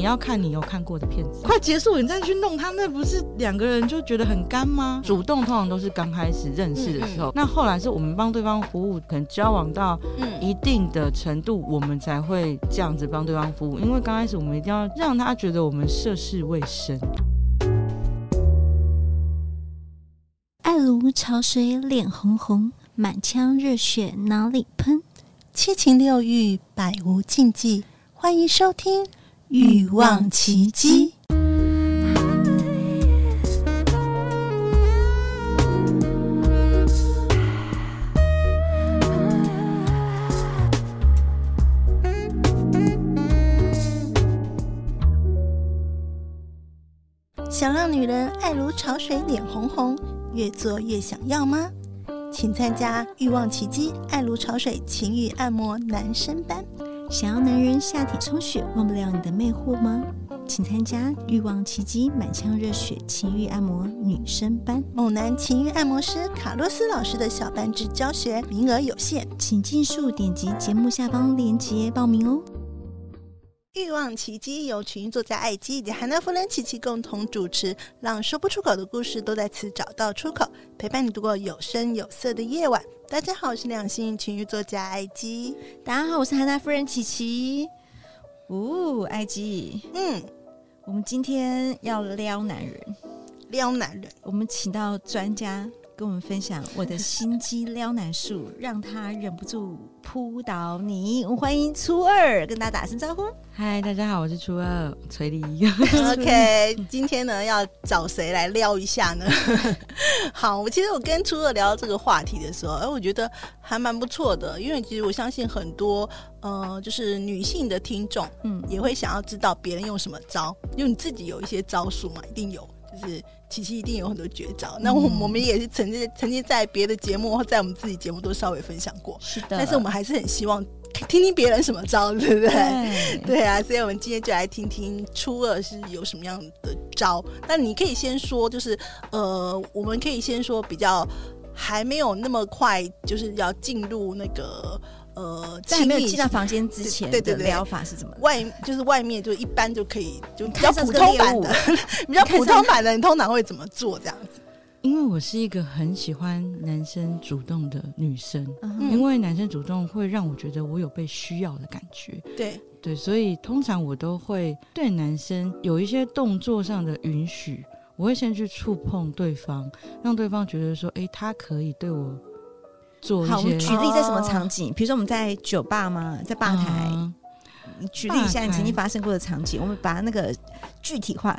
你要看你有看過的片子，快結束，你再去弄他，那不是兩個人就覺得很乾嗎？主動通常都是剛開始認識的時候，那後來是我們幫對方服務，可能交往到一定的程度，我們才會這樣子幫對方服務，因為剛開始我們一定要讓他覺得我們涉世未深。愛如潮水，臉紅紅，滿腔熱血哪裡噴，七情六慾百無禁忌，歡迎收聽。慾望琦姬，想讓女人愛如潮水，臉紅紅，越做越想要嗎？請參加慾望琦姬愛如潮水情慾按摩男生班。想要男人下體充血，忘不了你的魅惑嗎？請參加《慾望琦姬》滿腔熱血情欲按摩女生班，猛男情欲按摩師卡洛斯老師的小班制教學，名額有限，請盡速點擊節目下方鏈接報名哦。慾望琦姬由情慾作家艾姬以及涵娜夫人琦琦共同主持，讓說不出口的故事都在此找到出口，陪伴你度過有聲有色的夜晚。大家好，我是兩性情慾作家艾姬。大家好，我是涵娜夫人琦琦。嗚、哦，艾姬，嗯，我們今天要撩男人，撩男人，我們請到專家。跟我們分享我的心機撩男術，讓他忍不住撲倒你。我歡迎初二，跟大家打聲招呼。嗨，大家好，我是初二崔麗。OK，今天呢要找誰來撩一下呢？ 好，我其實我跟初二聊這個話題的時候，哎，我覺得還蠻不錯的，因為其實我相信很多，呃，就是女性的聽眾，嗯，也會想要知道別人用什麼招，因為你自己有一些招數嘛，一定有。就是琦琦一定有很多絕招，嗯、那我我們也是曾經曾經在別的節目或在我們自己節目都稍微分享過，是的。但是我們還是很希望聽聽別人什麼招，對不對？對，對啊，所以我們今天就來聽聽初二是有什麼樣的招。那你可以先說，就是呃，我們可以先說比較還沒有那麼快，就是要進入那個。呃，在沒有進到房間之前的撩法是什麼？對對對對，外就是外面就一般就可以就，就 比較普通版的，比較普通版的，你通常會怎麼做這樣子？因為我是一個很喜歡男生主動的女生，嗯、因為男生主動會讓我覺得我有被需要的感覺。對對，所以通常我都會對男生有一些動作上的允許，我會先去觸碰對方，讓對方覺得說，哎、欸，他可以對我。好，我們舉例在什麼場景？比如說我們在酒吧嗎？在吧台？你舉例一下你曾經發生過的場景，我們把那個具體化。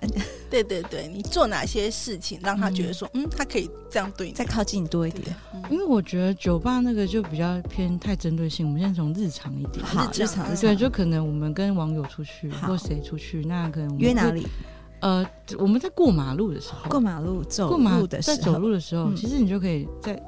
對對對，你做哪些事情讓他覺得說，嗯，他可以這樣對你，再靠近你多一點？因為我覺得酒吧那個就比較偏太針對性。我們現在從日常一點，日常對，就可能我們跟網友出去，或誰出去，那可能約哪裡？呃，我們在過馬路的時候，過馬路走過馬路的在走路的時候，其實你就可以在。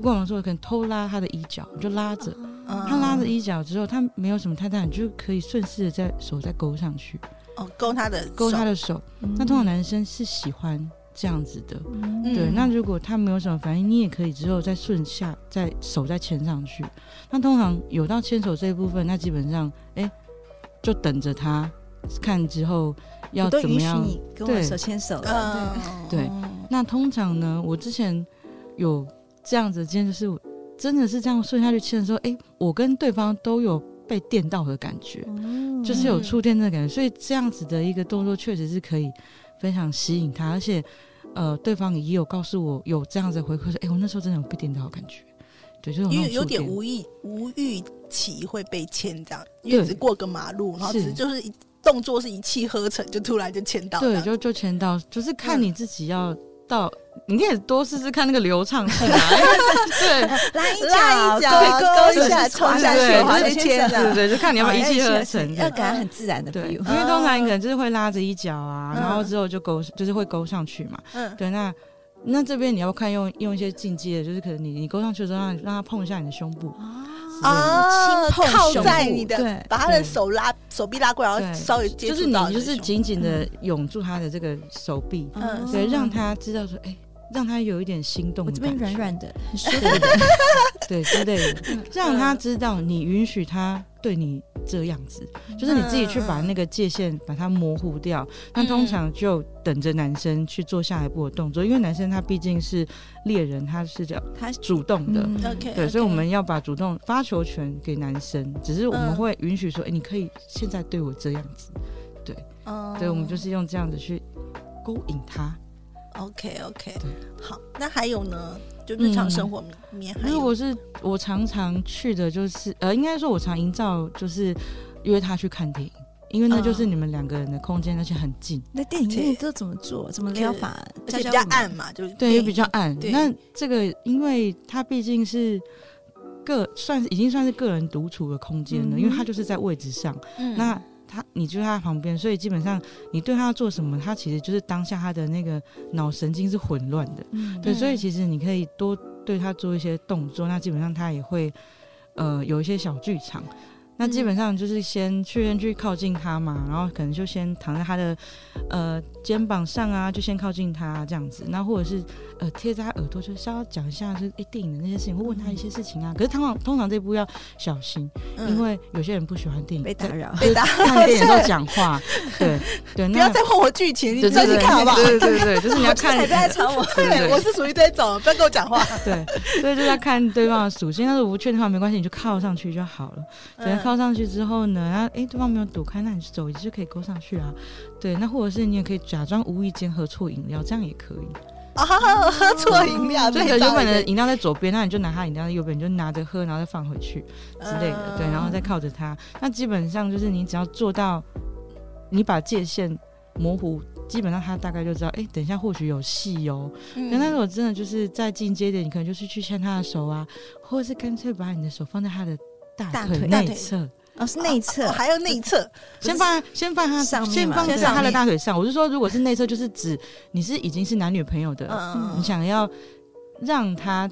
不過，我說我可能偷拉他的衣角，你就拉着、啊、他拉着衣角之後，他沒有什麼太大，你就可以順勢的再手再勾上去。哦，勾他的，勾他的手。那通常男生是喜歡這樣子的，嗯、對。那如果他沒有什麼反應，你也可以之後再順下，再手再牽上去。那通常有到牽手這一部分，那基本上哎、欸，就等着他看之後要怎麼樣，我跟我手牽手。對嗯，對。那通常呢，嗯、我之前有。這樣子，今天就是真的是這樣順下去牽的時候，哎、欸，我跟對方都有被電到的感覺，嗯、就是有觸電的感覺，所以這樣子的一個動作確實是可以非常吸引他，而且呃，對方也有告訴我有這樣子的回饋說，哎、欸，我那時候真的有被電到的感覺，對，就因為有,有點無意無預期會被牽這樣，因為對只過個馬路，然後只是就是,一是動作是一氣呵成就突然就牽到，對，就就牽到，就是看你自己要到。嗯你可以多試試看那個流暢性啊，對，拉一下一腳，勾一下，衝下去，對對對，就看你要不要一氣呵成，要感覺很自然的。對，因為通常你可能就是會拉着一腳啊，然後之後就勾，就是會勾上去嘛。嗯，對，那那這邊你要看用用一些進階的，就是可能你你勾上去之後讓讓他碰一下你的胸部啊，啊，靠在你的，把他的手拉手臂拉過來，稍微接觸就是你就是緊緊的擁住他的這個手臂，嗯，對，讓他知道說，哎。讓他有一點心動的感覺。軟軟的，很舒服。對，對不對？讓他知道你允許他對你這樣子，就是你自己去把那個界限把它模糊掉。那通常就等着男生去做下一步的動作，因為男生他畢竟是獵人，他是這樣，他是主動的。對，所以我們要把主動發球權給男生，只是我們會允許說，哎，你可以現在對我這樣子，對，所以，我們就是用這樣子去勾引他。OK，OK，okay, okay. 對好。那還有呢？就日常生活裡面還，嗯，如果是我常常去的，就是呃，應該說我常營造，就是約他去看電影，因為那就是你們兩個人的空間，嗯，而且很近。那電影院都怎麼做？Okay. 怎麼撩法？Okay. 比較暗嘛，就是對，也比較暗。對那這個，因為他畢竟是個算是已經算是個人獨處的空間了，嗯嗯因為他就是在位置上，嗯，那。他，你就在他旁邊，所以基本上你對他要做什麼，他其實就是當下他的那個腦神經是混亂的，嗯、對，對，所以其實你可以多對他做一些動作，那基本上他也會，呃，有一些小劇場。那基本上就是先確認去靠近他嘛，然後可能就先躺在他的呃肩膀上啊，就先靠近他這樣子。那或者是呃貼在他耳朵，就稍微講一下，就是電影的那些事情，會問他一些事情啊。可是通常通常這一步要小心，因為有些人不喜歡電影被打擾，被打擾，看電影在講話，對對，不要再問我劇情，你專心看好不好？對對對，就是你要看你在吵我，我是屬於這種，不要跟我講話。對，所以就是要看對方的屬性，但是不確定的話沒關係，你就靠上去就好了，然後。放上去之後呢，然後哎，對方沒有躲開，那你手其實可以勾上去啊。對，那或者是你也可以假裝無意間喝錯飲料，這樣也可以。啊，喝錯飲料，嗯、對，原本的飲料在左邊，那你就拿他飲料，在右邊，你就拿着喝，然後再放回去之類的。對，然後再靠着它，啊、那基本上就是你只要做到，你把界限模糊，基本上他大概就知道，哎、欸，等一下或許有戲哦。嗯、但那如果真的就是再進階一點，你可能就是去牽他的手啊，嗯、或者是乾脆把你的手放在他的。大腿內側，哦，是內側，還要內側。先放，先放他上，先放在他的大腿上。我是說，如果是內側，就是指你是已經是男女朋友的，你想要讓他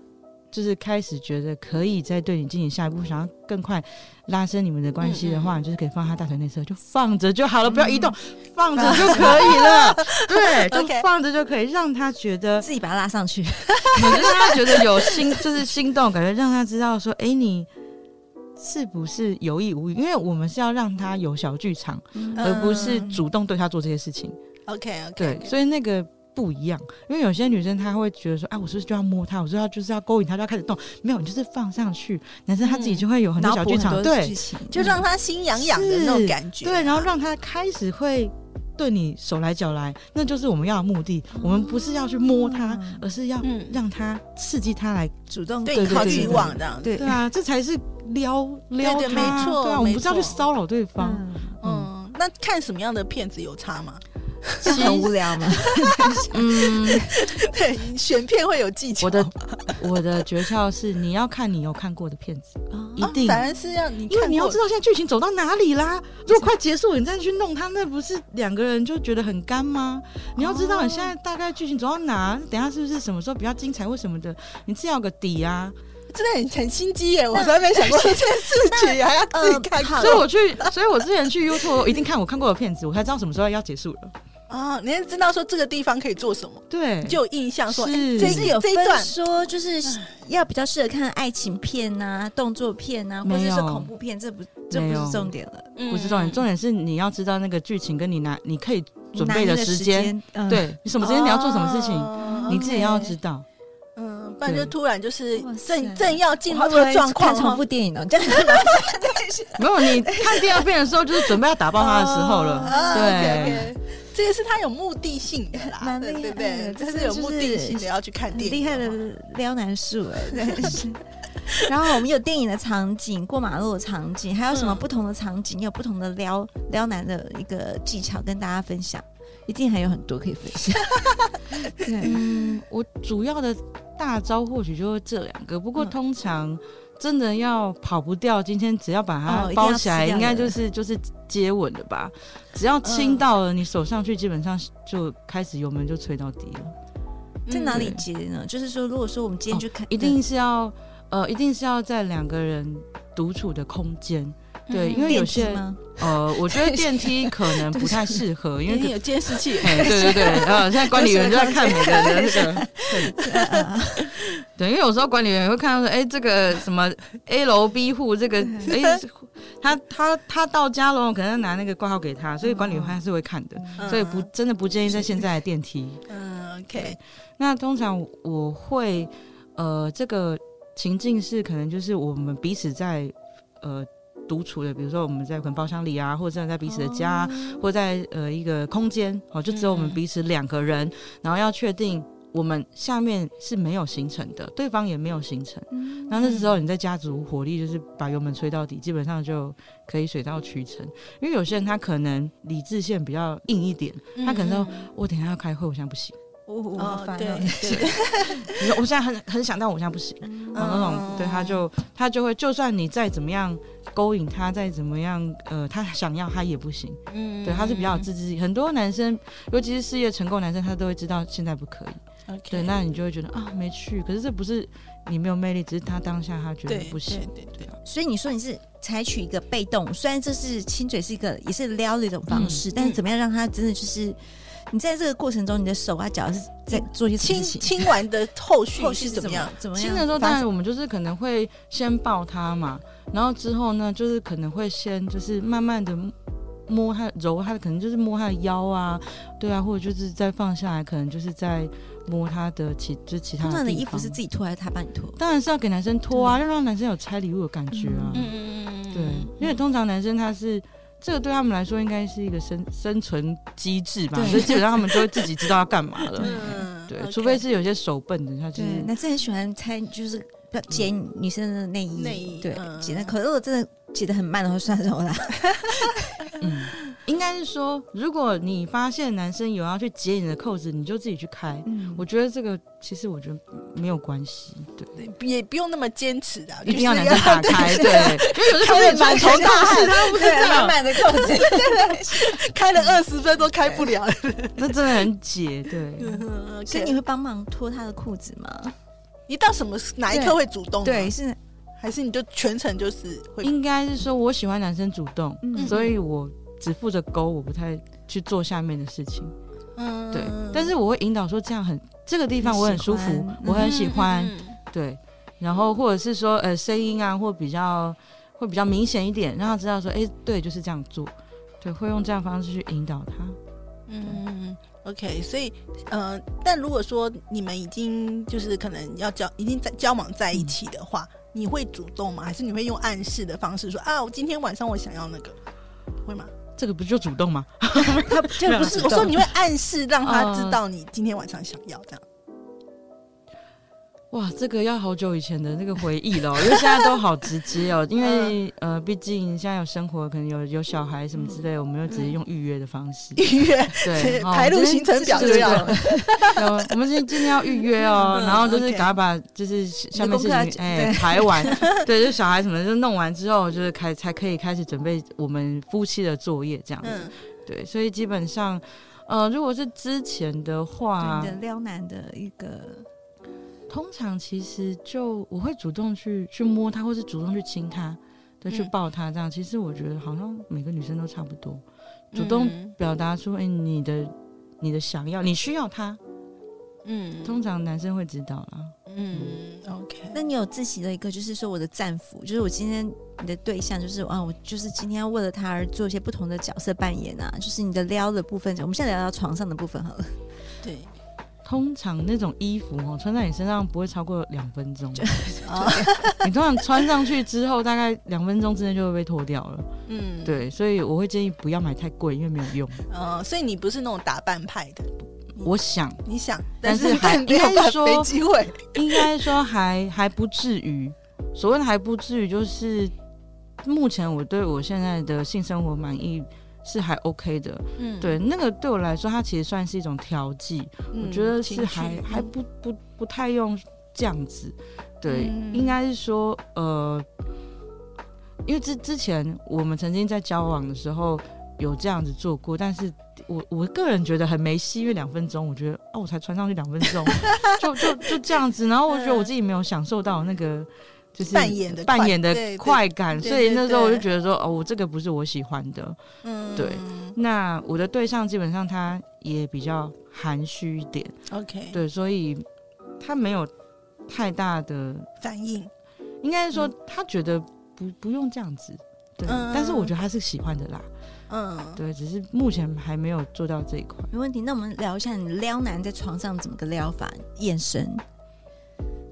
就是開始覺得可以再對你進行下一步，想要更快拉伸你們的關係的話，就是可以放他大腿內側，就放着就好了，不要移動，放着就可以了。對，就放着就可以讓他覺得自己把他拉上去，就讓他覺得有心，就是心動感覺，讓他知道說，哎，你。是不是有意無意？因為我們是要讓他有小劇場，嗯、而不是主動對他做這些事情。OK，OK，所以那個不一樣。因為有些女生她會覺得說：“哎、啊，我是不是就要摸他？我是不是就是要勾引他？就要開始動？”沒有，你就是放上去，男生他自己就會有很多小劇場，嗯、對，就讓他心癢癢的那種感覺、啊，對，然後讓他開始會。對你手來腳來，那就是我們要的目的。嗯、我們不是要去摸他，嗯、而是要讓他刺激他來、嗯、主動。對，對，對，對，靠慾望的。對啊，這才是撩撩他。對，對，對，沒錯。對、啊，沒錯，我們不是要去騷擾對方。嗯，嗯，嗯，那看什麼樣的片子有差嗎？是其很無聊嗎？ 嗯，對，選片會有技巧。我的我的訣竅是，你要看你有看過的片子，哦、一定反正是要你看，因為你要知道現在劇情走到哪裡啦。如果是快結束，你再去弄它，那不是兩個人就覺得很乾嗎？你要知道你現在大概劇情走到哪，哦、等下是不是什麼時候比較精彩，或什麼的，你自己要有個底啊。真的很很心機耶！那我從來沒想過這件事情還要自己看、 呃。所以我去，所以我之前去 YouTube 一定看我看過的片子， 我才知道什麼時候要結束了。哦，你也知道說這個地方可以做什麼，對，就有印象說這是有這一段說就是要比較適合看愛情片吶、動作片吶，或者是恐怖片，這不這不是重點了，不是重點，重點是你要知道那個劇情跟你拿，你可以準備的時間，對，你什麼時間你要做什麼事情，你自己要知道。嗯，不然就突然就是正正要進入狀況看重複電影了，沒有？你看第二遍的時候就是準備要打爆他的時候了，對。這個是他有目的性的啦，蠻厲害的，對對對，這是有目的性的要去看電影，厲害的撩男術、欸，對。 是然後我們有電影的場景，過馬路的場景，還有什麼不同的場景，嗯、有不同的撩撩男的一個技巧跟大家分享，一定還有很多可以分享。 對嗯，我主要的大招或許就是這兩個，不過通常真的要跑不掉，今天只要把它包起來，哦、應該就是就是。就是接吻的吧，只要親到了，呃、你手上去，基本上就開始油門就催到底了。在哪裡接呢？就是說，如果說我們今天就肯定一定是要，呃，一定是要在兩個人獨處的空間。對，因為有些呃，我覺得電梯可能不太適合，因為你有監視器，對對對，啊，現在管理員就在看每個人的那個，對，因為有時候管理員會看到說，哎，這個什麼 A 樓 B 戶，這個哎他他他到家了，可能拿那個掛號給他，所以管理員還是會看的，所以不真的不建議在現在的電梯。嗯，OK，那通常我會呃，這個情境是可能就是我們彼此在呃。獨處的，比如說我們在捆包廂裡啊，或者在彼此的家，oh. 或者在呃一個空間，哦、喔，就只有我們彼此兩個人，mm hmm. 然後要確定我們下面是沒有行程的，對方也沒有行程，那、mm hmm. 那時候你在家族火力就是把油門吹到底，mm hmm. 基本上就可以水到渠成。因為有些人他可能理智線比較硬一點，他可能說：‘ mm hmm. 我等下要開會，我現在不行。我我反對。你說 我現在很很想，但我現在不行。那種對他就他就會，就算你再怎麼樣勾引他，再怎麼樣，呃，他想要他也不行。嗯，對，他是比較有自制力，很多男生，尤其是事業成功男生，他都會知道現在不可以。Okay. 對，那你就會覺得啊、哦，沒趣。可是這不是你沒有魅力，只是他當下他覺得不行。對對，對，對，對，對啊。所以你說你是採取一個被動，雖然這是親嘴是一個也是撩的一種方式，嗯、但是怎麼樣讓他真的就是。你在這個過程中，你的手啊、腳是在做一些事情？親、親完的後續，後續怎麼樣？ 怎麼樣親的時候，生當然我們就是可能會先抱他嘛，然後之後呢，就是可能會先就是慢慢的摸他、揉他，可能就是摸他的腰啊，對啊，或者就是再放下來，可能就是在摸他的其、嗯、就其他。通常的衣服是自己脫還是他幫你脫？當然是要給男生脫啊，對要讓男生有拆禮物的感覺啊。嗯嗯嗯，嗯對，嗯、因為通常男生他是。這個對他們來說應該是一個生生存機制吧，所以對基本上他們就會自己知道要幹嘛的。嗯、對，Okay. 除非是有些手笨的，他就是。那是很喜歡拆，就是解女生的內衣。內衣、嗯、對，解的。可是我真的解的很慢的話，算什麼啦？嗯 嗯，應該是說，如果你發現男生有要去解你的扣子，你就自己去開。嗯，我覺得這個其實我覺得沒有關係，對，也不用那麽堅持的，一定要男生打開，對，因為有的時候滿頭大汗，他不是這樣滿滿的扣子，開了二十分都開不了，那真的很解，對。所以你會幫忙脫他的褲子嗎？你到什麽哪一刻會主動？對，是。還是你就全程就是會，應該是說我喜歡男生主動，嗯、所以我只負責勾，我不太去做下面的事情。嗯，對。但是我會引導說，這樣很這個地方我很舒服，喜歡、我很喜歡。嗯、對，嗯、然後或者是說、嗯、呃聲音啊，或比較會比較明顯一點，讓他知道說哎、欸、對，就是這樣做。對，會用這樣方式去引導他。嗯，OK。所以呃，但如果說你們已經就是可能要交已經在交往在一起的話。嗯你會主動嗎？還是你會用暗示的方式說啊？我今天晚上我想要那個，會嗎？這個不就主動嗎？ 他就不是，我說你會暗示讓他知道你今天晚上想要這樣。哇，這個要好久以前的那個回憶了，因為現在都好直接哦。因為呃，畢竟現在有生活，可能有有小孩什麼之類，我們又直接用預約的方式。預約對，排路行程表這樣。我們今今天要預約哦，然後就是趕快把就是下面事情哎排完，對，就小孩什麼的就弄完之後，就是開才可以開始準備我們夫妻的作業這樣子。對，所以基本上呃，如果是之前的話，撩男的一個。通常其實就我會主動去去摸他，或是主動去親他，對、嗯、去抱他這樣。其實我覺得好像每個女生都差不多，主動表達出哎、嗯欸、你的你的想要，你需要他。嗯，通常男生會知道啦。嗯，嗯，OK。那你有自己的一個，就是說我的戰俘，就是我今天你的對象，就是啊，我就是今天要為了他而做一些不同的角色扮演啊，就是你的撩的部分。我們現在聊到床上的部分好了。對。通常那種衣服哦，穿在你身上不會超過兩分鐘。你通常穿上去之後， 大概兩分鐘之內就會被脫掉了。嗯，對，所以我會建議不要買太貴，因為沒有用。嗯，所以你不是那種打扮派的？我想，你想，但是，但是還應該說，會應該說還還不至於。所謂的還不至於，就是目前我對我現在的性生活滿意。是還 OK 的，嗯，對，那個對我來說，它其實算是一種調劑，嗯、我覺得是還還不不，不太用這樣子，對，嗯、應該是說，呃，因為之之前我們曾經在交往的時候有這樣子做過，嗯、但是我我個人覺得很沒戲，因為兩分鐘，我覺得哦、啊，我才穿上去兩分鐘， 就就就這樣子，然後我覺得我自己沒有享受到那個。嗯就是扮演的扮演的快感，對對對對，所以那時候我就覺得說，哦，我這個不是我喜歡的，嗯，對。那我的對象基本上他也比較含蓄一點，OK，對，所以他沒有太大的反應，應該是說他覺得不、嗯、不用這樣子，對。嗯、但是我覺得他是喜歡的啦，嗯，對，只是目前還沒有做到這一塊。沒問題，那我們聊一下你撩男在床上怎麼個撩法，眼神。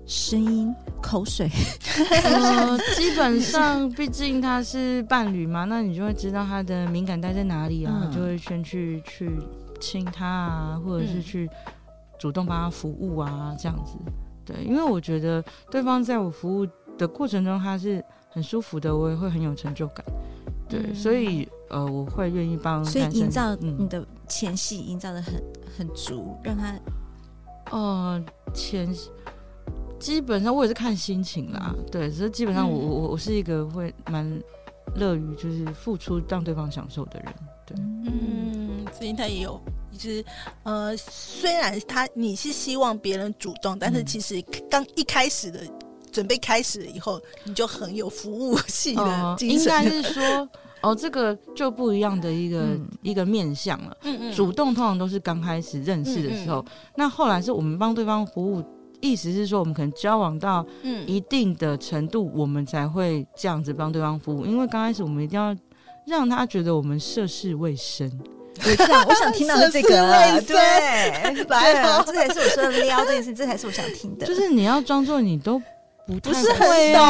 聲音、口水、 呃，基本上，畢竟他是伴侶嘛， 那你就會知道他的敏感帶在哪裡啊，嗯、就會先去去親他啊，或者是去主動幫他服務啊，嗯、這樣子。對，因為我覺得對方在我服務的過程中，他是很舒服的，我也會很有成就感。對，嗯、所以呃，我會願意幫他。所以營造你的前戲營造得很很足，讓他呃前。基本上我也是看心情啦，嗯、對，所以基本上我我我是一個會蠻樂於就是付出讓對方享受的人，對，嗯，所以他也有，其、就、實、是、呃，雖然他你是希望別人主動，但是其實剛一開始的、嗯、準備開始了以後，你就很有服務性的精神、哦、應該是說 哦，這個就不一樣的一個、嗯、一個面向了，嗯嗯，嗯主動通常都是剛開始認識的時候，嗯嗯、那後來是我們幫對方服務。意思是說，我們可能交往到一定的程度，我們才會這樣子幫對方服務。因為剛開始，我們一定要讓他覺得我們涉世未深。我想，我想聽到的這個，對，來，這才是我說的撩這件事，這才是我想聽的。就是你要裝作你都不不是很懂，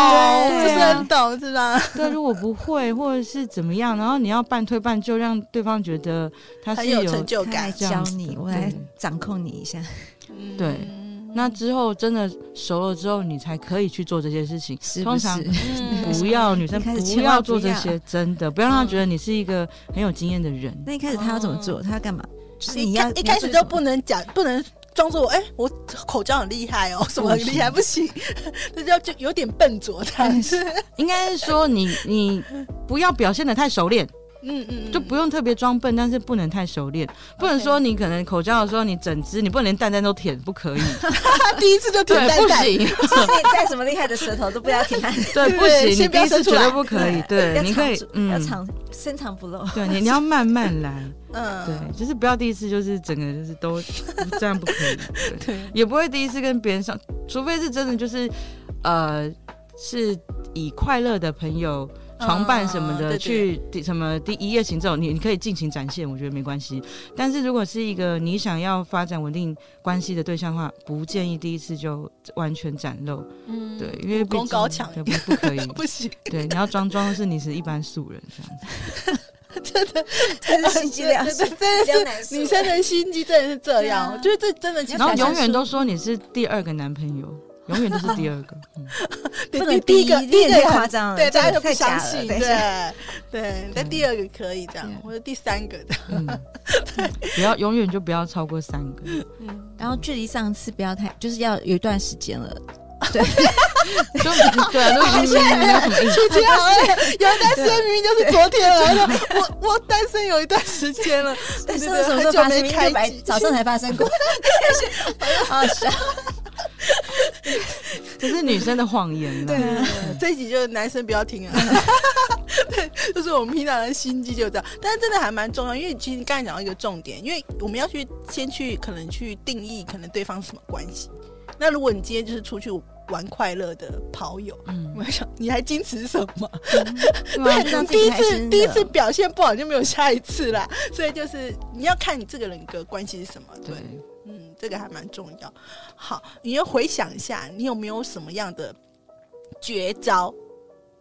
不是很懂，是吧？對，如果不會，或者是怎麼樣，然後你要半推半就，讓對方覺得他是有成就感。教你，我來掌控你一下，對。那之後真的熟了之後，你才可以去做這些事情。是不是通常不要、嗯、女生不要做這些，真的不要讓她覺得你是一個很有經驗的人。嗯、那一開始她要怎麼做？她要幹嘛？啊、就是你要一開始就不能假，不能裝作我哎、欸，我口交很厲害哦，什麼很厲害不行，這就不行 就有點笨拙這樣子。他應該是說你你不要表現的太熟練。嗯嗯，就不用特別裝笨，但是不能太熟練，不能說你可能口交的時候你整隻，你不能連蛋蛋都舔，不可以。第一次就舔蛋，不行，你再什麼厲害的舌頭都不要舔。對，不行，你第一次絕對不可以。對，你可以，嗯，要藏，深藏不露。對你，你要慢慢來。嗯，對，就是不要第一次就是整個就是都這樣，不可以。對，也不會第一次跟別人上，除非是真的就是，呃，是以快樂的朋友。床伴什麼的，去什麼第一夜情這種，你你可以盡情展現，我覺得沒關係。但是如果是一個你想要發展穩定關係的對象的話，不建議第一次就完全展露。嗯，對，因為不用功高強不不可以，不行。對，你要裝裝是你是一般素人這樣子。真的，真的心機良，樣，真的，女生的心機真的是這樣。就是這真的，然後永遠都說你是第二個男朋友。永遠都是第二個，這個第一個第一個太誇張了，對，太假了，對對，但第二個可以這樣，我的第三個這樣，嗯，不要永遠就不要超過三個，嗯，然後距離上次不要太，就是要有一段時間了，對，對啊，去去去，有單身明明就是昨天啊，我我單身有一段時間了，單是什麼時候發生？開白早上才發生過，好笑。這是女生的謊言呢、嗯。對，這一集就是男生不要聽啊。 對，就是我們平常的心機就這樣。但是真的還蠻重要，因為你今天剛才講到一個重點，因為我們要去先去可能去定義可能對方什麼關係。那如果你今天就是出去玩快樂的跑友，嗯，我想你還矜持什麼？嗯、 對，你第一次第一次表現不好就沒有下一次啦。所以就是你要看你這個人格關係是什麼，對。對這個還蠻重要。好，你要回想一下，你有沒有什麼樣的絕招？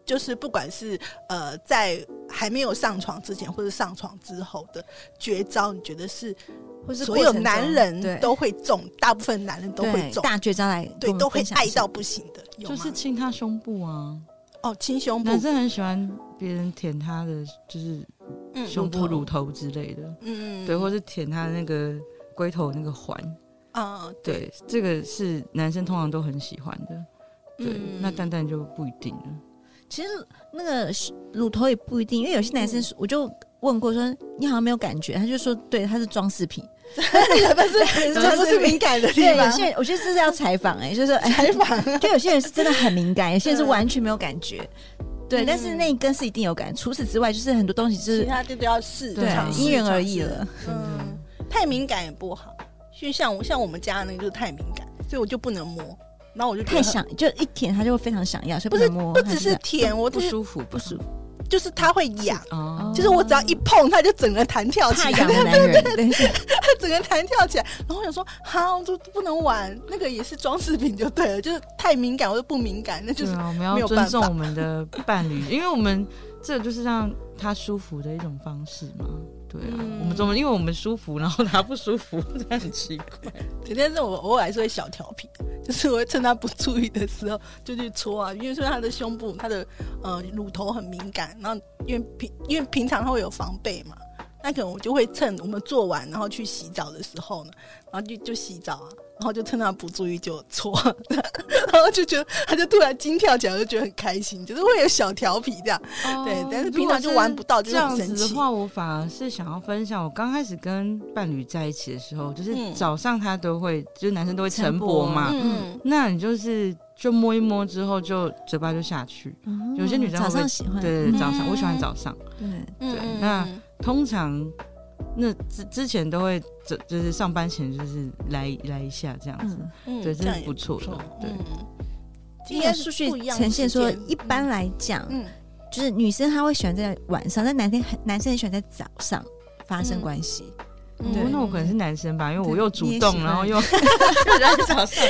就是不管是呃，在還沒有上床之前，或者上床之後的絕招，你覺得是，或是所有男人都會中，都會中，大部分男人都會中大絕招來，對，都會愛到不行的，就是親他胸部啊，哦，親胸部，男生很喜歡別人舔他的，就是胸部、嗯、乳頭、乳頭之類的，嗯，對，或是舔他的那個龜頭那個環。嗯啊，對，這個是男生通常都很喜歡的，對，那蛋蛋就不一定了。其實那個乳頭也不一定，因為有些男生我就問過說你好像沒有感覺，他就說對，它是裝飾品，不是，不是敏感的。對，有些人我覺得這是要採訪哎，就是採訪，因為有些人是真的很敏感，有些人是完全沒有感覺。對，但是那一根是一定有感。除此之外，就是很多東西就是其他就都要試，對，因人而異了。嗯，太敏感也不好。就像我像我們家那個就是太敏感，所以我就不能摸，然後我就太想就一舔他就會非常想要，所以不摸不，是不只是舔，是我、就是、不舒服，不舒服，就是他會癢，是哦、就是我只要一碰他就整個彈跳起來，對對對，他整個彈跳起來，然後我想說哈，我就不能玩那個也是裝飾品就對了，就是太敏感或者不敏感，那就是沒有、啊、我們要尊重我們的伴侶， 因為我們這就是讓他舒服的一種方式嘛。對啊，嗯、我們怎麼，因為我們舒服，然後他不舒服，這樣很奇怪。對，但是，我偶爾還是會小調皮，就是我會趁他不注意的時候就去搓啊，因為說他的胸部、他的呃乳頭很敏感，然後因為平因為平常他會有防備嘛，那可能我就會趁我們做完然後去洗澡的時候呢，然後就就洗澡啊，然後就趁他不注意就搓，啊。 然後就覺得，他就突然驚跳起來，就覺得很開心，就是會有小調皮這樣。Uh, 對，但是平常就玩不到這樣子就很神奇。這樣子的話，我反而是想要分享。我剛開始跟伴侶在一起的時候，就是早上他都會，嗯、就是男生都會晨勃嘛。嗯嗯、那你就是就摸一摸之後，就嘴巴就下去。嗯、有些女生會不會早上會喜歡？對早上我喜歡早上，對、嗯、對。嗯、那通常。那之之前都會就就是上班前就是來來一下這樣子，嗯、對，這樣是不錯的，這樣也不錯，對。應該數據呈現說，一般來講，嗯、就是女生她會喜歡在晚上，嗯、但男生很男生很喜歡在早上發生關係。嗯哦，嗯嗯、那我可能是男生吧，對因為我又主動，然後又。然後在早上，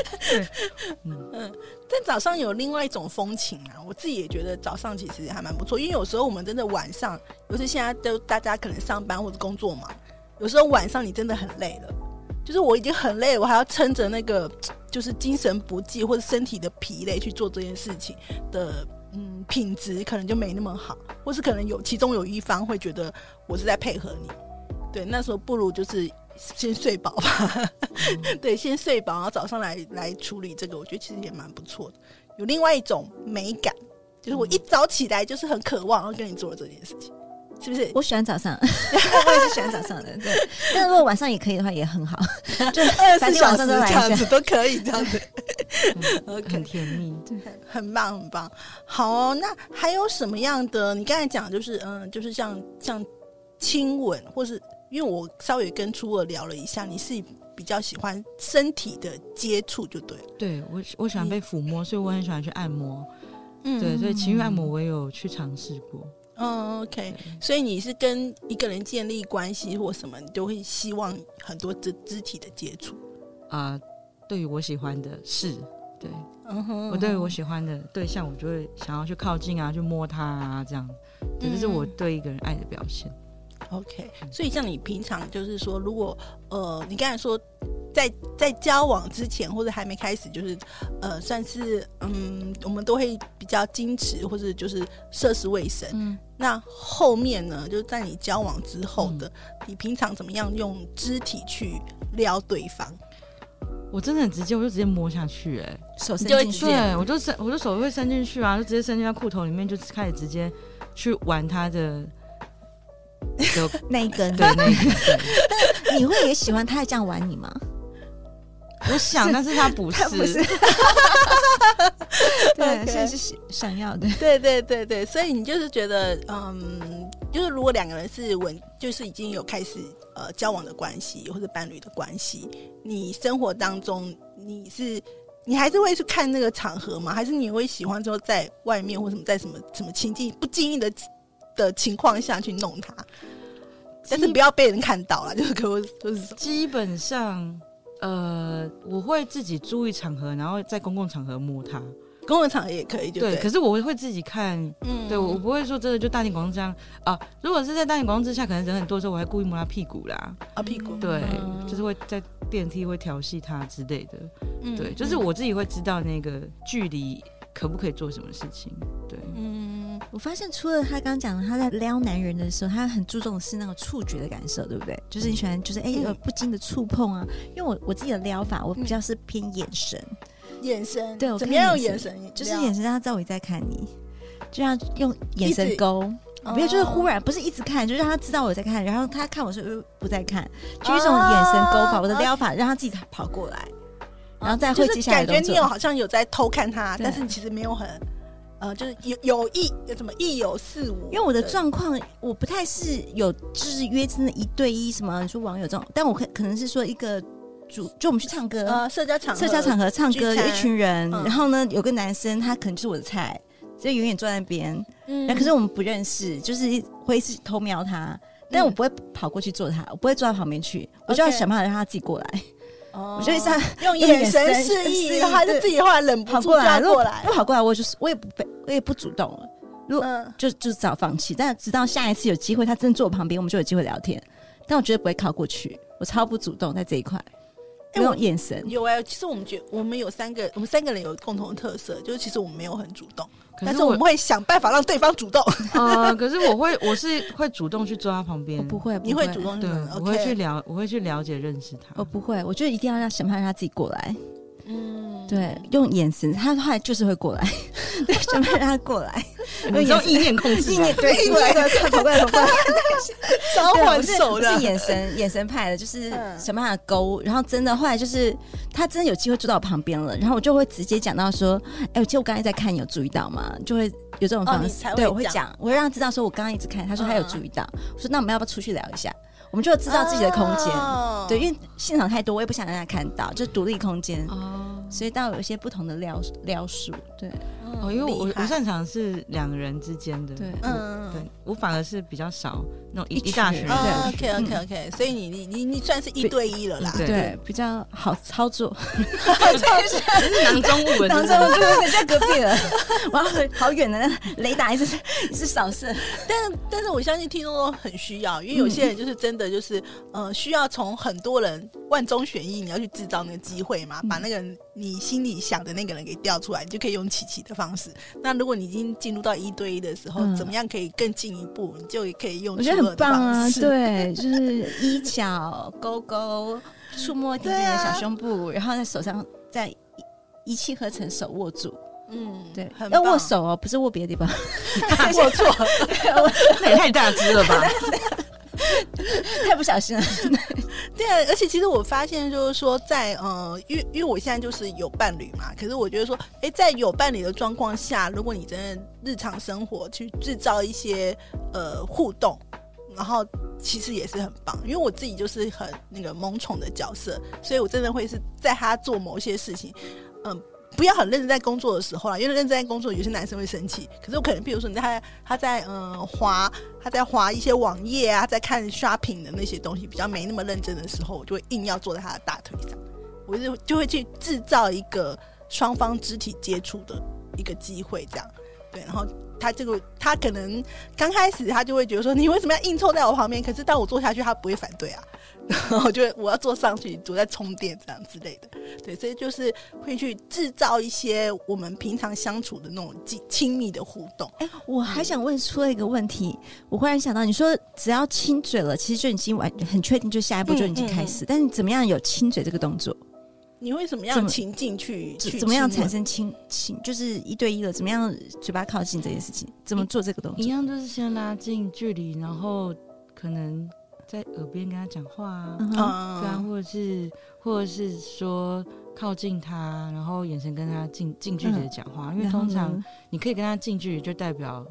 嗯嗯，但早上有另外一種風情啊！我自己也覺得早上其實還蠻不錯，因為有時候我們真的晚上，尤其現在都大家可能上班或者工作嘛，有時候晚上你真的很累了，就是我已經很累了，我還要撐着那個就是精神不濟或者身體的疲累去做這件事情的，嗯，品質可能就沒那麼好，或是可能有其中有一方會覺得我是在配合你。對，那時候不如就是先睡飽吧。嗯、 對，先睡飽，然後早上來來處理這個，我覺得其實也蠻不錯的。有另外一種美感，就是我一早起來就是很渴望，然後跟你做了這件事情，是不是？我喜歡早上， 我也是喜歡早上的。對， 但如果晚上也可以的話，也很好， 就二十四小時這樣子都可以這樣子，很，很甜蜜，對， 很棒很棒。好哦，那還有什麼樣的？你剛才講就是嗯，就是像像親吻，或是。因為我稍微跟初二聊了一下，你是比較喜歡身體的接觸，就對了。對，我我喜歡被撫摸，所以我很喜歡去按摩。嗯，對，所以情慾按摩我也有去嘗試過。嗯，嗯 o、oh, k、okay. 對所以你是跟一個人建立關係或什麼，你都會希望很多肢肢體的接觸。啊、呃，對於我喜歡的事，嗯、對，嗯哼嗯哼，我對於我喜歡的對象，我就會想要去靠近啊，去摸他啊，這樣，這就是我對一個人愛的表現。OK，所以像你平常就是說，如果呃，你剛才說在在交往之前或者還沒開始，就是呃，算是，嗯，我們都會比較矜持或者就是涉世未深。嗯，那後面呢，就是在你交往之後的，嗯，你平常怎麼樣用肢體去撩對方？我真的很直接，我就直接摸下去，欸，哎，手伸進去，我就伸，我就手會伸進去啊，就直接伸進他褲頭裡面，就開始直接去玩他的。就那一根，對那一根，但你會也喜歡他這樣玩你嗎？ 我想，是但是他不是，對，現在 Okay. 是，是想，想要的，對對對對，所以你就是覺得，嗯，就是如果兩個人是穩，就是已經有開始呃交往的關係或者伴侶的關係，你生活當中你是你還是會去看那個場合嗎？還是你會喜歡說在外面或什麼在什麼什麼情境不經意的的情況下去弄他，但是不要被人看到了。就是給我，就是基本上，呃，我會自己注意場合，然後在公共場合摸他，公共場合也可以就對。對，可是我會自己看，嗯、對，我不會說真的就大庭廣眾這樣啊。如果是在大庭廣眾之下，可能人很多的時候，我還故意摸他屁股啦，啊屁股，對，嗯、就是會在電梯會調戲他之類的。嗯、對，就是我自己會知道那個距離。可不可以做什麼事情？對，嗯，我發現除了他剛剛講的，他在撩男人的時候，他很注重的是那個觸覺的感受，對不對？就是你喜歡，就是、嗯、哎，有不禁的觸碰啊。因為我我自己的撩法，我比較是偏眼神，嗯、眼神，對我，怎麼樣用眼神？就是眼神讓他知道我在看你，就像用眼神勾，直沒有，就是忽然不是一直看，就讓他知道我在看，然後他看我是不在看，就一種眼神勾法，啊、我的撩法讓他自己跑過來。然後再會接下來的感覺你有好像有在偷看他，但是你其實沒有很，呃，就是有有意，有什麼意有似無，因為我的狀況，我不太是有就是約，真的一對一什麼，你說網友這種，但我可可能是說一個主，就我們去唱歌，呃，社交場社交場合唱歌，有一群人，然後呢，有個男生他可能就是我的菜，就永遠坐在那邊，那可是我們不認識，就是會是偷瞄他，但我不會跑過去坐他，我不會坐他旁邊去，我就要想辦法讓他自己過來。我覺得他用眼， 用眼神示意，然後 他就自己後來忍不住跑過來，啊，過來，啊，不跑過來，我就是我也不被，我也不主動了。如果就就是早放棄，但直到下一次有機會，他真的坐我旁邊，我們就有機會聊天。但我覺得不會靠過去，我超不主動在這一塊。用眼神，有啊、欸。其實我們覺，我們有三個，我們三個人有共同的特色，就是其實我們沒有很主動，是但是我們會想辦法讓對方主動。呃、可是我會， 我是會主動去坐他旁邊。不會、啊，你會主動對，嗯、我會去了，我會去了解認識他。Okay. 我不會，我覺得一定要讓想辦法讓他自己過來。嗯，對，用眼神，他後來就是會過來， 對，想辦法讓他過來。用你知道意念控制？意念，出來意念對，意念控制，他不會，他不會。招還手的是眼神， 眼神派的，就是想辦法勾。嗯、然後真的，後來就是他真的有機會坐到我旁邊了，然後我就會直接講到說：“哎、欸，我記得我剛才在看，你有注意到嗎？”就會有這種方式。哦、對，我會講，我會讓他知道，說我剛剛一直看。他說他有注意到。嗯、我說：“那我們要不要出去聊一下？”我們就知道自己的空間，對，因為現場太多，我也不想讓大家看到，就獨立空間，所以到有一些不同的撩撩數，對，哦，因為我我擅長是兩個人之間的，對，嗯，對我反而是比較少那種一大群，OK，OK，OK，所以你你你你算是一對一了啦，對，比較好操作，囊中物，囊中物，對。對。對。對。對。對。對。哇，好遠的雷達，一直是對。掃射，但是但是我相信聽眾都對。對。很需要，因為有些人就是真的。就是，呃，需要從很多人萬中選一，你要去製造那個機會嘛，把那個你心裡想的那個人給調出來，你就可以用琦琦的方式。那如果你已經進入到一對一的時候，嗯、怎麼樣可以更進一步？你就可以用什麼方式？我覺得很棒啊，對，就是衣角勾勾，觸 摸一點點小胸部，然後在手上在一氣呵成手握住，嗯，對，很棒要握手、喔，不是握別的地方，握錯， 那也太大只了吧？ 太不小心了，真的。對啊，而且其實我發現，就是說在，在、嗯、呃，因為因為我現在就是有伴侶嘛，可是我覺得說，哎，在有伴侶的狀況下，如果你真的日常生活去制造一些呃互動，然後其實也是很棒。因為我自己就是很那個萌寵的角色，所以我真的會是在他做某些事情，嗯。不要很認真在工作的時候啦，因為認真在工作，有些男生會生氣。可是我可能，比如說他，他在他在嗯滑，他在滑一些網頁啊，在看刷屏的那些東西，比較沒那麼認真的時候，我就會硬要坐在他的大腿上，我就就會去製造一個雙方肢體接觸的一個機會，這樣，對，然後。他這個，他可能剛開始他就會覺得說，你為什麼要硬湊在我旁邊？可是當我坐下去，他不會反對啊。然後我就我要坐上去，我在充電這樣之類的。對，所以就是會去制造一些我們平常相處的那種親密的互動。哎、欸，我還想問出了一個問題，我忽然想到，你說只要親嘴了，其實就已經完很確定，就下一步就已經開始。嗯嗯。但是怎麼樣有親嘴這個動作？你會怎麼樣親進去？怎麼,去怎麼樣產生親親情？就是一對一的，怎麼樣嘴巴靠近這件事情？怎麼做這個東西？一樣就是先拉近距離，然後可能在耳邊跟他講話、嗯、哼啊，對啊，或者是或者是說靠近他，然後眼神跟他近近距離的講話。嗯、因為通常你可以跟他近距離，就代表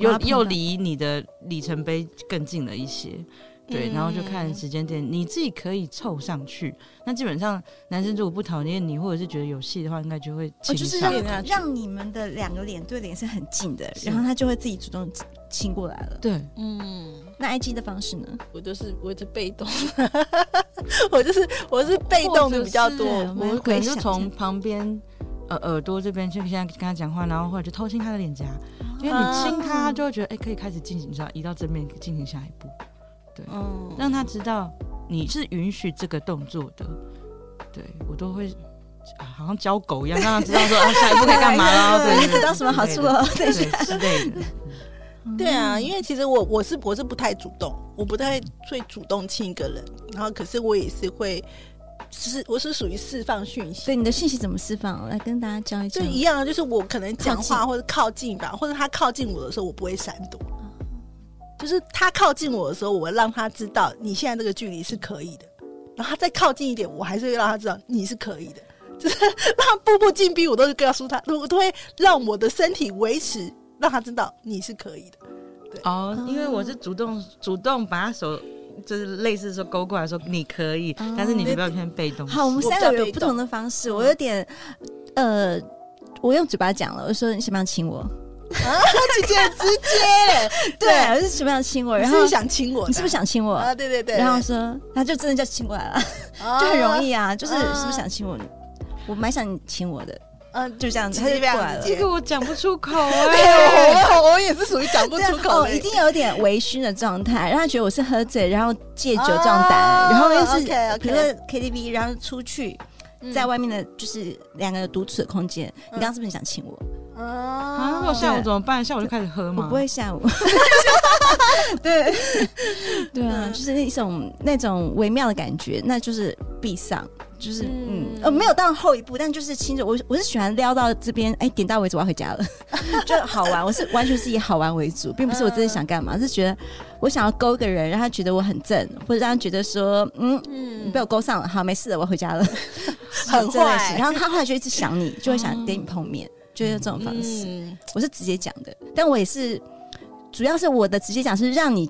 又又離你的里程碑更近了一些。對，然後就看時間點，你自己可以湊上去。那基本上男生如果不討厭你，或者是覺得有戲的話，應該就會親上。讓你們的兩個臉對臉是很近的，然後他就會自己主動親過來了。對，嗯。那 I G 的方式呢？我都是我是被動的，我就是我是被動的比較多。我可能就從旁邊，呃，耳朵這邊去，現在跟他講話，然後或者偷親他的臉頰，因為你親他，就會覺得哎，可以開始進行，知道移到正面進行下一步。對哦、讓他知道你是允許這個動作的，對我都會、啊、好像教狗一樣，讓他知道說他、啊、下一步可以幹嘛，對你知道什麼好處嘍、哦，對的對？對，嗯、對啊，因為其實我我是我是不太主動，我不太會主動親一個人，然後可是我也是會，是我是屬於釋放訊息。所以你的訊息怎麼釋放？我來跟大家講一下。就一樣的，就是我可能講話近或者是靠近吧，或者他靠近我的時候，我不會閃躲。就是他靠近我的時候，我讓他知道你現在這個距離是可以的，然後他再靠近一點，我還是會讓他知道你是可以的，就是讓他步步緊逼，我都是告訴他，我都會讓我的身體維持，讓他知道你是可以的。對哦，嗯、因為我是主動主動把他手，就是類似說勾過來說你可以，嗯、但是你不要偏被動。好，我們三個有不同的方式，我，我有點呃，我用嘴巴講了，我說你想要親我？啊，姐姐很直接，對，是不是想親我？然後你想親我，你是不是想親我？啊，對對對。然後說，他就真的叫親過來了，就很容易啊。就是是不是想親我？我蠻想你親我的，嗯，就這樣子他就過來了。這個我講不出口哎，我我也是屬於講不出口，一定有點微醺的狀態，讓他覺得我是喝醉，然後借酒壯膽，然後又是去了 KTV，然後出去。在外面的就是兩個獨處的空間。你剛剛是不是很想親我？啊，那我下午怎麼辦？下午就開始喝嗎？我不會下午。對對啊，就是那種那種微妙的感覺，那就是閉上，就是嗯呃沒有到後一步，但就是親着我，我是喜歡撩到這邊，哎點到為止，我要回家了，就好玩。我是完全是以好玩為主，並不是我真的想幹嘛，是覺得我想要勾一個人，讓他覺得我很正，或者讓他覺得說嗯你被我勾上了，好沒事了，我要回家了。很壞，類 然後他後來就一直想你，就會想跟你碰面，嗯、就是這種方式。我是直接講的，但我也是，主要是我的直接講是讓你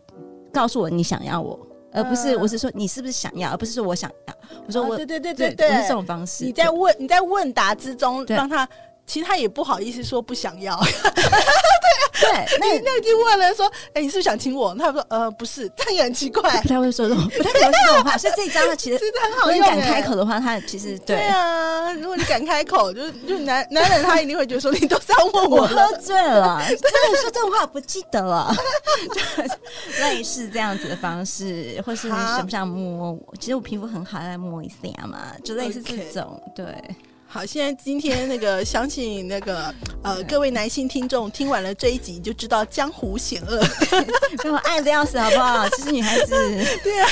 告訴我你想要我，而不是我是說你是不是想要，而不是說我想要。我說我，對對對對對，我是這種方式。嗯、對 你在問你在問答之中讓他其實他也不好意思說不想要，對啊，那那已經問了說，哎，你是不是想親我？他說呃不是，但也很奇怪，他會說話，不太會說這種話，所以這一張他其實其實很好用。你敢開口的話，他其實對啊，如果你敢開口，就是就男男人他一定會覺得說你都在問我喝醉了，那你說這種話不記得了，就類似這樣子的方式，或是你想不想摸我，其實我皮膚很好，來摸一下嘛，就類似這種對。好，現在今天那個相信，那個 呃，對各位男性聽眾聽完了這一集，就知道江湖險惡， 這我愛的要死，好不好？其實女孩子， 對啊，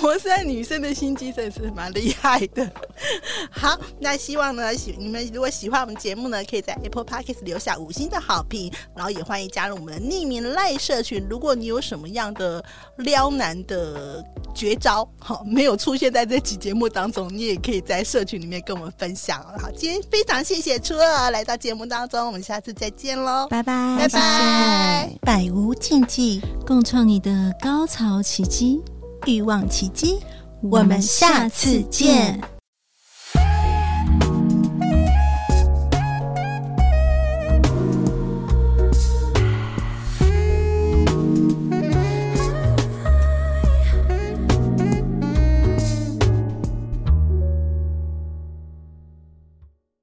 我現在女生的心機真是蠻厲害的。 好，那希望呢喜，你們如果喜歡我們節目呢，可以在 Apple Podcast 留下五星的好評，然後也歡迎加入我們的匿名 Line 社群。如果你有什麼樣的撩男的。絕招哈，沒有出現在這期節目當中，你也可以在社群裡面跟我們分享。好，今天非常謝謝初二來到節目當中，我們下次再見嘍，拜拜，拜拜。謝謝，百無禁忌，共創你的高潮奇蹟、慾望奇蹟，我們下次見。